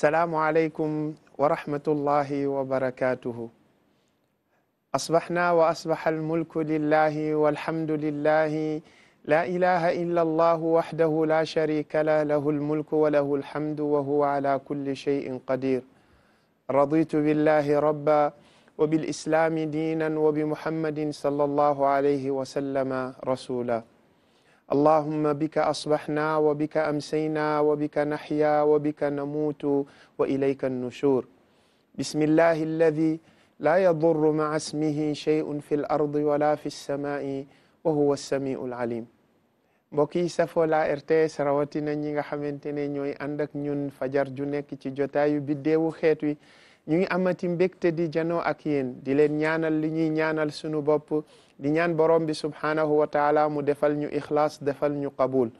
السلام عليكم ورحمة الله وبركاته أصبحنا وأصبح الملك لله والحمد لله لا إله إلا الله وحده لا شريك له له الملك وله الحمد وهو على كل شيء قدير رضيت بالله ربا وبالإسلام دينا وبمحمد صلى الله عليه وسلم رسولا اللهم بك أصبحنا وبك أمسينا وبك نحيا وبك نموت وإليك النشور بسم الله الذي لا يضر مع اسمه شيء في الأرض ولا في السماء وهو السميع العليم بوكي سفو لا la رواتنا نيغا حمنتنا نيوي xamante نيون فجر ànd تجوتايو بديو خيتوي ñu ngi amati mbégte di janoo ak yéen di leen ñaanal li ñuy ñaanal sunu bopp di ñaan borom bi subhaanahu wa taala mu defal ñu ixlaas defal ñu qabul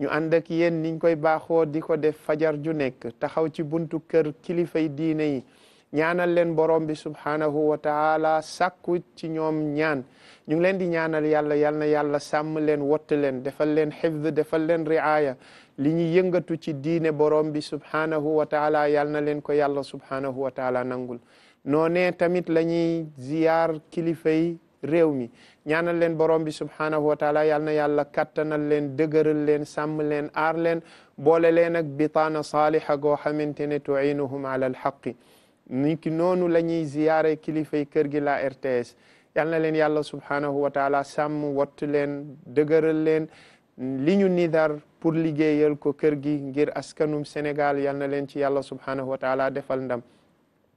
ñu ànd ak yéen niñ koy baaxoo di ko def fajar ju nekk taxaw ci buntu kër kilifay diine yi ñaanal leen borom bi subhanahu wa taala sàkku ci ñoom ñaan ñu ngi leen di ñaanal yàlla yàlla na yàlla sàmm leen wott leen defal leen xifd defal leen riaya li ñu yëngatu ci diine borom bi subhanahu wa taala yàlla na leen ko yàlla subhanahu wa taala nangul noonee tamit la ñuy ziyaar kilifa yi réew mi ñaanal leen borom bi subhanahu wa taala yàlla na yàlla kattanal leen dëgëral leen sàmm leen aar leen boole leen ak bitaana saaliha goo xamante ne tuinuhum ala alxaqi ni ki noonu la ñuy ziyaare kilifay kër gi la RTS yal na leen yàlla subhaanahu wa taala sàmm wattu leen dëgëral leen li ñu nidar pour liggéeyal ko kër gi ngir askanum Sénégal yal na leen ci yàlla subhaanahu wa defal ndam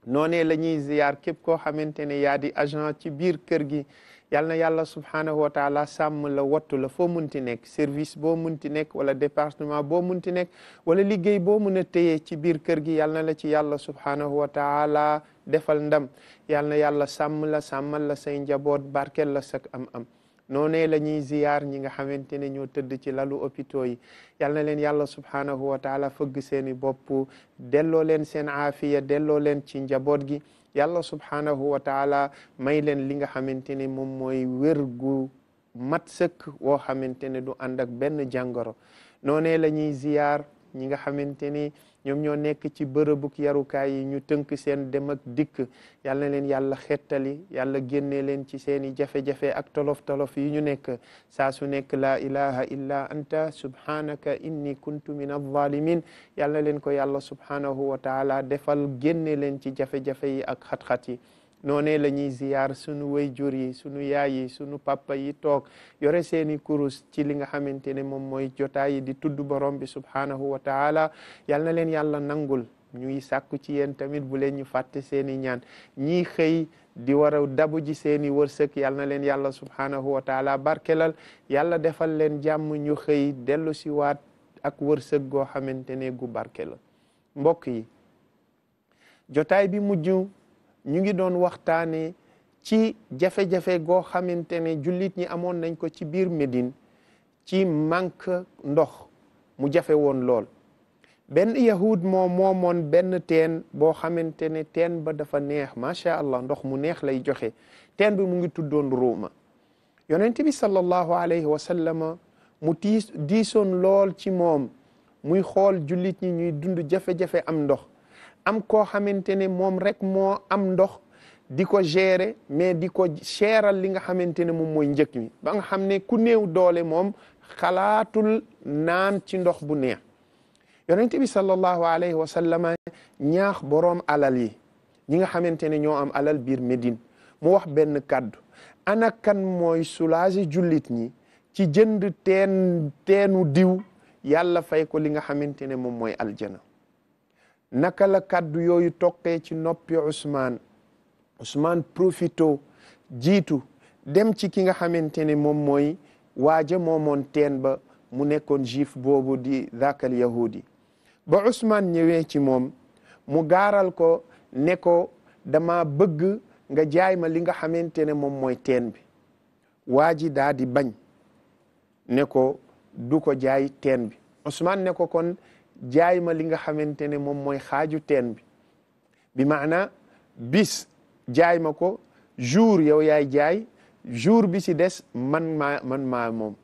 noonee la ziyaar képp koo xamante ne yaa agent ci biir kër gi yal na yàlla subhaanahu wa taala sàmm la wattu la foo munti nekk service boo munti nekk wala département boo munti nekk wala liggéey boo mun a téye ci biir kër gi yal na la ci yàlla subhaanahu wa taala defal ndam yal na yàlla sàmm la sàmmal la say njaboot barkel la sak am am none lañuy ziar ñi nga xamante ne ñoo tëdd ci lalu hôpitaux yi yàlla na leen yàlla subhanahu wa taala fëgg seeni bopp delloo leen seen aafiya delloo leen ci njaboot gi yàlla subhanahu wa taala may leen li nga xamante ne moom mooy wérgu mat sëkk woo xamante ne du ànd ak benn jàngoro noonee la ñuy ziar ñi nga xamante ni ñoom ñoo nekk ci bërëbuk yarukaay yi ñu tënk seen dem ak dikk yàlla na leen yàlla xettali yàlla génne leen ci seen jafe-jafe ak tolof-tolof yi ñu nekk saa su nekk laa ilaha illa anta subhanaka inni kuntu min alzalimin yàlla na leen ko yàlla subhanahu wa taala defal génne leen ci jafe-jafe yi ak xat-xat yi noonee la ñuy ziyaar sunu wayjur yi sunu yaay yi sunu papa yi toog yore seeni kurus ci li nga xamante ne moom mooy jotaay di tudd borom bi subhaanahu wa taala yal na leen yàlla nangul ñu ñuy sàkku ci yéen tamit bu leen ñu fàtte seeni ñaan ñi xëy di war a dabu ji seeni wërsëg yal na leen yàlla subhaanahu wa taala barkelal yàlla defal leen jàmm ñu xëy dellu si waat ak wërsëg goo xamante ne gu barke la mbokk yi bi mujj ñu ngi doon waxtaane ci jafe-jafe goo xamante ne jullit ñi amoon nañ ko ci biir Médine ci manque ndox mu jafe woon lool benn yahud moo moomoon benn teen boo xamante ne teen ba dafa neex macha allah ndox mu neex lay joxe teen bi mu ngi tuddoon ruuma yonent bi sallallahu alayhi wa sallama mu tiis diisoon lool ci moom muy xool jullit ñi ñuy dund jafe-jafe am ndox am koo xamante ne moom rek moo am ndox di ko gérer mais di ko seeral li nga xamante ne moom mooy njëkk mi ba nga xam ne ku néew doole moom xalaatul naan ci ndox bu neex yonente bi sallallahu alayhi wa sallama ñaax boroom alal yi ñi nga xamante ne ñoo am alal biir Médine mu wax benn kàddu ana kan mooy soulager jullit ñi ci jënd teen diw yàlla fay ko li nga xamante ne moom mooy aljana naka la kàddu yooyu toqee ci noppi Ousmane Ousmane profito jiitu dem ci ki nga xamante ne moom mooy waaja moomoon teen ba mu nekkoon juif boobu di zakal yahudi ba Ousmane ñëwee ci moom mu gaaral ko ne ko dama bëgg nga jaay ma li nga xamante ne moom mooy teen bi waa ji daa di bañ ne ko du ko jaay teen bi Ousmane ne kon jaay ma li nga xamante ne moom mooy xaaju teen bi bi maana bis jaay ma ko jour yow yaay jaay jour bi ci des man maa man maa moom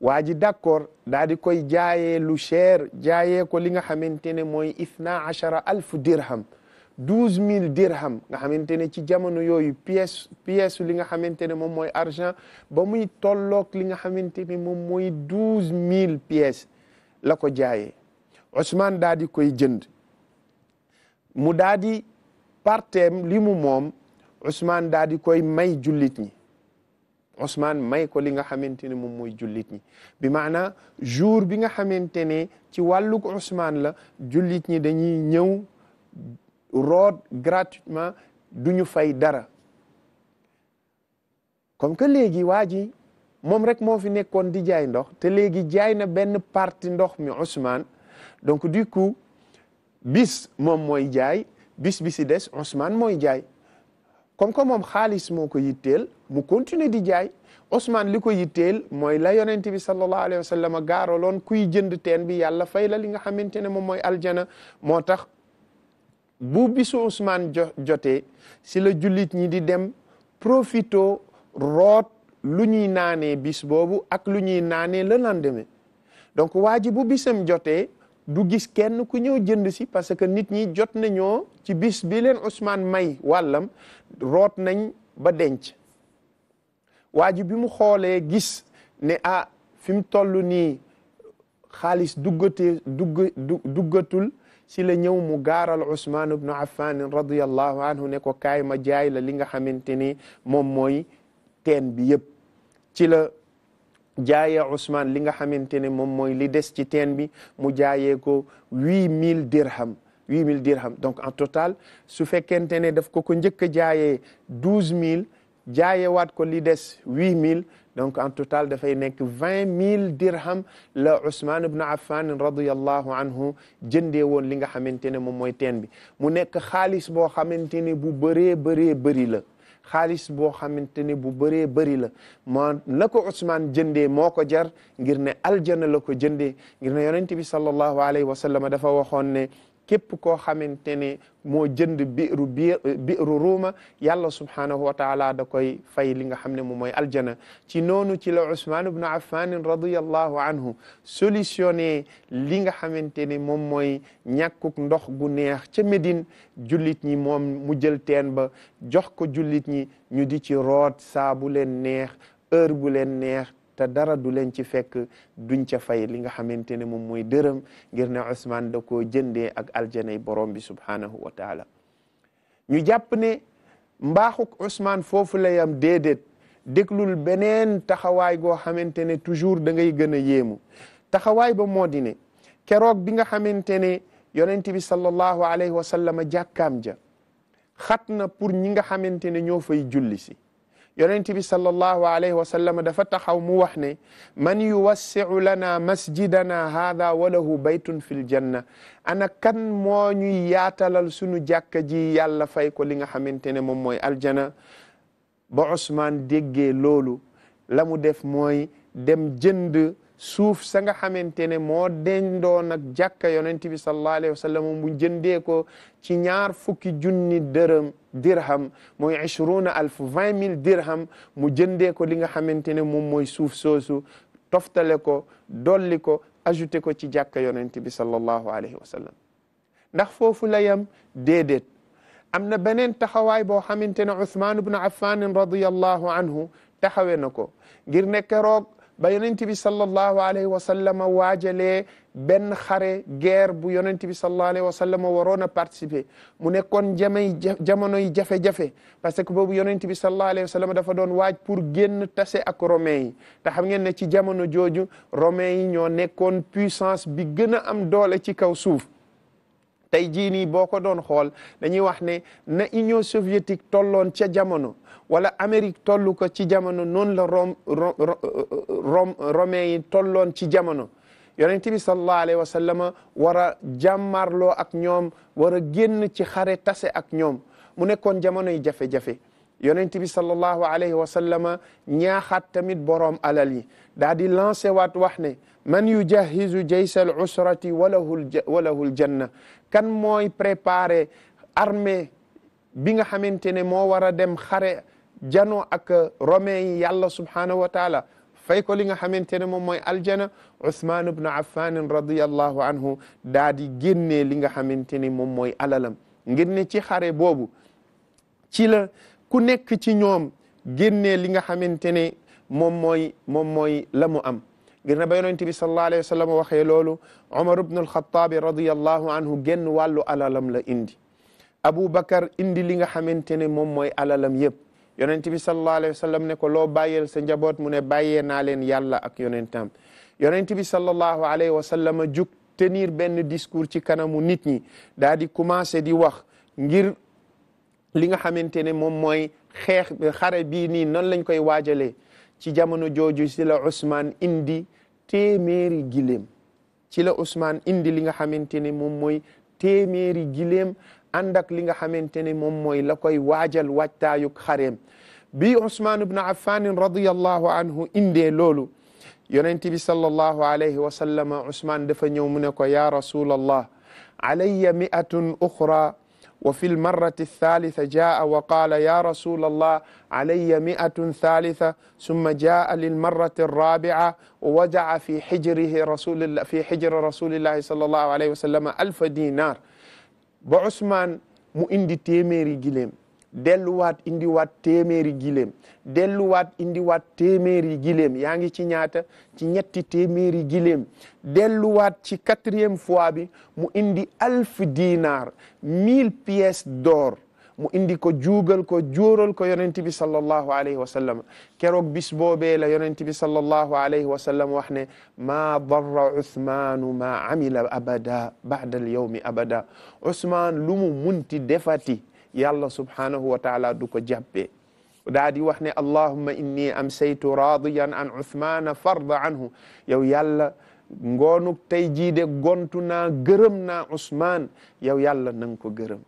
waa ji d'accord daa di koy jaayee lu cher jaayee ko li nga xamante ne mooy ithna achara alf dirham douze mille dirham nga xamante ne ci jamono yooyu pièce pièce li nga xamante ne moom mooy argent ba muy tolloog li nga xamante ne moom mooy douze mille pièces la ko jaayee Ousmane daadi koy jënd mu daa partem limu moom Ousmane daadi koy may jullit ñi Ousmane may ko li nga xamante ne moom mooy jullit ñi bi maanaam jour bi nga xamante ne ci wàllug Ousmane la jullit ñi dañuy ñëw root gratuitement du ñu fay dara comme que léegi waa ji moom rek moo fi nekkoon di jaay ndox te léegi jaay na benn parti ndox mi Ousmane donc du bis moom mooy jaay bis bi si des Ousmane mooy jaay comme que moom xaalis moo ko yitteel mu continuer di jaay Ousmane li ko yitteel mooy la yonent bi sallallahu alayhi wa sallam gaaraloon kuy jënd teen bi yàlla fay la li nga xamante ne moom mooy aljana moo tax bu bisu Ousmane jo jotee si la julit ñi di dem profito root lu ñuy naane bis boobu ak lu ñuy naanee la lendemain donc waa bu bisam jotee du gis kenn ku ñëw jënd si parce que nit ñi jot nañoo ci bis bi leen may wàllam root nañ ba denc waa ji bi mu xoolee gis ne ah fi mu toll nii xaalis duggatee dugg duggatul si la ñëw mu gaaral Ousmane ibnu Affan radiyallahu anhu ne ko kaay ma jaay la li nga xamante ni moom mooy teen bi yëpp ci la jaayee Ousmane li nga xamante ne moom mooy li des ci teen bi mu jaayee ko huit mille dirham huit mille dirham donc en total su fekkente ne daf ko ko njëkk a jaayee douze mille jaayewaat ko li des huit mille donc en total dafay nekk vingt mille dirham la Ousmane ibn Affan radiyallahu anhu jëndee woon li nga xamante ne moom mooy teen bi mu nekk xaalis boo xamante ne bu bëree bëree bëri la. xaalis boo xamante ne bu bëree bëri la ma la ko Ousmane jëndee moo ko jar ngir ne aljana la ko jëndee ngir ne yonent bi sallallahu alayhi wa sallam dafa waxoon ne képp koo xamante ne moo jënd biiru ruuma yàlla subhaanahu wa taala da koy fay li nga xam ne moom mooy aljana ci noonu ci la Ousmane ibn Affan radiyallahu anhu solutionné li nga xamante ne moom mooy ñàkkuk ndox gu neex ca Médine jullit ñi moom mu jël teen ba jox ko jullit ñi ñu di ci root saabu leen neex heure bu leen neex te dara du leen ci fekk duñ ca fay li nga xamante ne moom mooy dërëm ngir ne Ousmane da ko jëndee ak aljanay borom bi subhanahu wa taala ñu jàpp ne mbaaxuk Ousmane foofu la yam déedéet déglul beneen taxawaay goo xamante ne toujours da ngay gën a yéemu taxawaay ba moo di ne keroog bi nga xamante ne yonent bi sallallahu alayhi wa sallam jàkkaam ja xat na pour ñi nga xamante ne ñoo fay julli si يرنتي بي صلى الله عليه وسلم دفتح موحني من يوسع لنا مسجدنا هذا وله بيت في الجنه انا كان مو ني ياتال سونو جاك جي يالا فاي كو ليغا خامتيني موم موي الجنه با عثمان ديغي لولو لامو ديف موي ديم جند suuf sa nga xamantene ne moo dendoon ak jàkka yonent bi sallallahu alayhi wa sallam bu jëndee ko ci ñaar fukki junni dërëm dirham mooy ishruna alf vingt mille dirham mu jëndee ko li nga xamantene ne moom mooy suuf soosu toftale ko dolli ko ajouté ko ci jàkka yonent bi sallallahu alayhi wa sallam ndax foofu la yam déedéet am na beneen taxawaay boo ibn Affan radiyallahu anhu taxawe na ko ngir ne keroog بينتبي صلى الله عليه وسلم واجلي بن خري غير بو يونتبي صلى الله عليه وسلم ورونا بارتيسيبي مو نيكون جامي جامونو جافي جافي باسكو بوبو يونتبي صلى الله عليه وسلم دا فا دون واج بور ген تاسي اك رومين تا خام نين جامونو جوجو رومي ньо نيكون بويسانس بي گنا ام دوله سي كاو سوف tey jii nii boo ko doon xool dañuy wax ne na Union soviétique tolloon ca jamono wala Amérique tollu ko ci jamono noonu la Rome Rome yi tolloon ci jamono yonent bi sallallahu alayhi wa sallama war a jàmmarloo ak ñoom war a génn ci xare tase ak ñoom mu nekkoon jamono yi jafe-jafe yonent bi sallallahu alayhi wa sallama ñaaxaat tamit boroom alal yi daa di lancé waat wax ne man yujahizu jaysal usrati walahul al janna kan mooy préparé armée bi nga xamantene moo war a dem xare jano ak romain yi yàlla subhanahu wa taala fay ko li nga xamantene ne moom mooy aljana Ousmane ibn Affan radiyallahu anhu daa di génnee li nga xamantene moom mooy alalam ngir ne ci xare boobu ci la ku nekk ci ñoom génnee li nga xamante ne moom mooy moom mooy la mu am ngir na ba yonent bi sallallahu alayhi wa sallam waxee loolu Omar ibn al-Khattabi radiyallahu anhu génn wàllu alalam la indi abu Aboubacar indi li nga xamante ne moom mooy alalam yëpp yonent bi sallallahu alayhi wa sallam ne ko loo bàyyeel sa njaboot mu ne bàyyee naa leen yàlla ak yonentam yonent bi sallallahu alayhi wa sallam jug tenir benn discours ci kanamu nit ñi daa di commencé di wax ngir li nga xamantene mom moy xex xare bi ni non lañ koy wajale ci jamono joju ci la Ousmane indi téméri gilem ci la Ousmane indi li nga xamantene mom moy téméri gilem andak li nga xamantene mom moy la koy waajal waajtaayug xareem bi Ousmane ibn Affan radiyallahu anhu inde lolu yonent bi sallallahu alayhi wa sallam Ousmane dafa ñëw mu ne ko ya rasulallah alayya mi'atun ukhra وفي المرة الثالثة جاء وقال يا رسول الله علي مئة ثالثة ثم جاء للمرة الرابعة ووضع في حجره رسول في حجر رسول الله صلى الله عليه وسلم ألف دينار بعثمان مؤند تيميري جليم delluwaat indiwaat téeméeri gileem delluwaat indiwaat téeméeri gileem yaa ngi ci ñaata ci ñetti téeméeri gileem delluwaat ci quatrième fois bi mu indi alf dinar mille pièces d'or mu indi ko juugal ko jóoral ko yonent bi sallallahu alayhi wa sallam keroog bis boobee la yonent bi sallallahu alayhi wa sallam wax ne maa darra Ousmane maa abada baada al abada Ousmane lu mu munti defati. yàlla subhanahu wa taala du ko jàppee daa di wax ne allahumma inni amsaytu radiyan an uthmana farda anhu yow yàlla ngoonuk tey jii de gontu naa gërëm naa usmaan yow yàlla nanga ko gërëm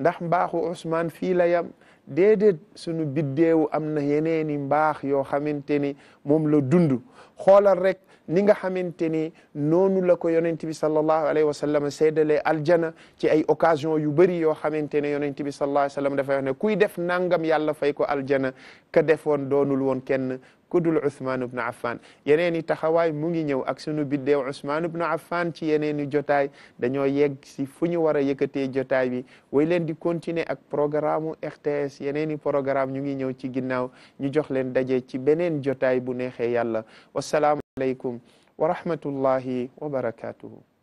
ndax mbaaxu usmaan fii la yam déedéet sunu biddeewu am na yeneeni mbaax yoo xamante ni moom la dund xoolal rek ni nga xamante ni noonu la ko yonent bi sallallahu alayhi wa sallam séddale aljana ci ay occasion yu bari yoo xamante ne yonent bi sallallahu alayhi wa sallam dafay ne kuy def nangam yàlla fay ko aljana ka defoon doonul woon kenn ku dul Ousmane Ibn Affan yeneen i taxawaay mu ngi ñëw ak sunu biddeew Ousmane Ibn Affan ci yeneen i jotaay dañoo yegg si fu ñu war a yëkkatee jotaay bi way leen di continuer ak programme RTS yeneen i programme ñu ngi ñëw ci ginnaaw ñu jox leen daje ci beneen jotaay bu neexee yàlla wasalaamualeykum wa rahmatullahi wa barakatuhu